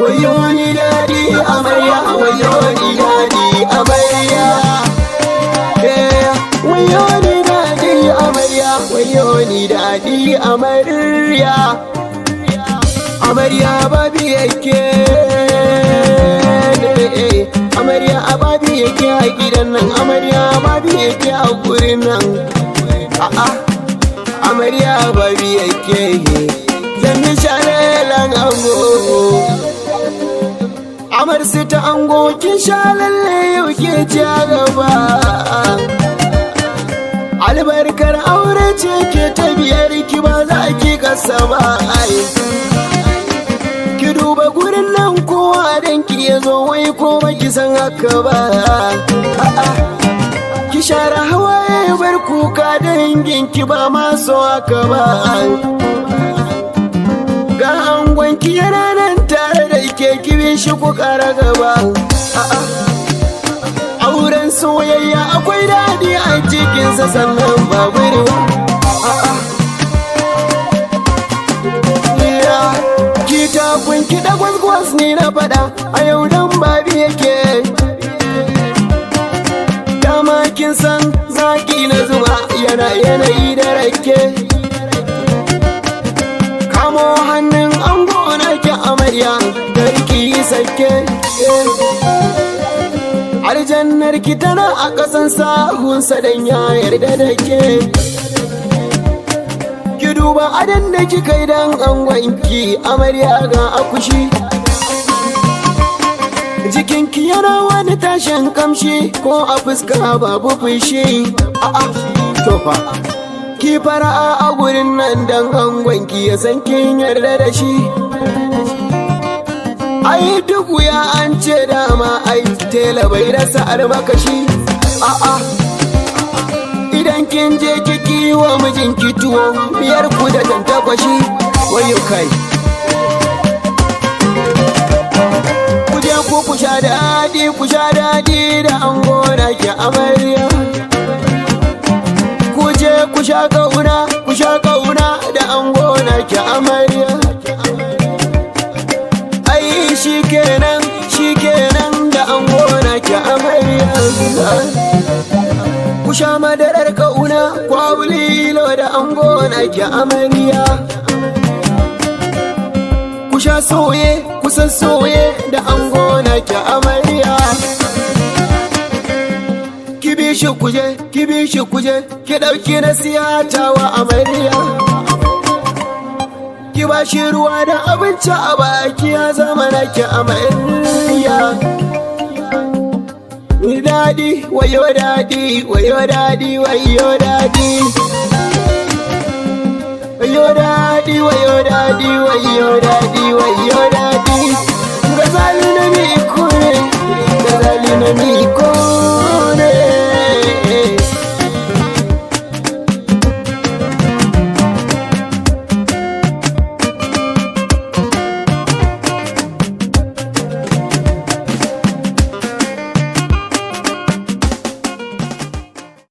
wayo ni daɗi amarya wayo ni daɗi eh, amarya wayo ni daɗi amarya wayo ni daɗi amarya amarya babi yake eh, amarya babi yake a gidan nan amarya babi yake a gurin nan a'a amarya babi yake Amar su ta ango kin sha lalle yau ke ci gaba Albarkar aure ce ke ta biyar ki ba za ki kasa ba Ki duba gurin nan kowa dan ki ya zo wai ko ba ki san haka ba Ki share hawaye bar kuka dangin ki ba ma so haka ba Ga angon ki yana nan tare da ke abin shi ku kara gaba auren soyayya akwai daɗi a cikinsa sannan babu ruwa kita kiɗa gwas ni na faɗa a yau dan babi yake dama kin san zaki na zuba yana yanayi da rake kamo hannun ke eh. aljannar ki tana a ƙasan sahunsa dan ya yarda da ke ki duba adan da ki kai dan angonki amarya ga akushi Jikin ki yana wani tashin kamshi ko a fuska babu fushi a'a tofa ki fara a gurin nan dan angonki ya san kin yarda da shi ai duk wuya an ce dama ai tela bai rasa almakashi 'a idan kin je kiki wa ki tuwo miyarku ku da tantakwashi wayo kai ku je ku ku sha daɗi ku sha daɗi da an gona ki amarya ku je ku sha kauna ku sha kauna da an gona ki amarya shikenan shikenan da an gona ki amarya ku sha madarar kauna kwabulilo da an gona ki amarya ku sha soye kusan soye da an gona ki amarya kibi shi kuje kibi shi kuje ki dauki nasiya tawa amarya bashi ruwa da abinci a baki ya zama nake amarya daɗi wayo daɗi wayo daɗi wayo daɗi wayo daɗi wayo daɗi wayo daɗi wayo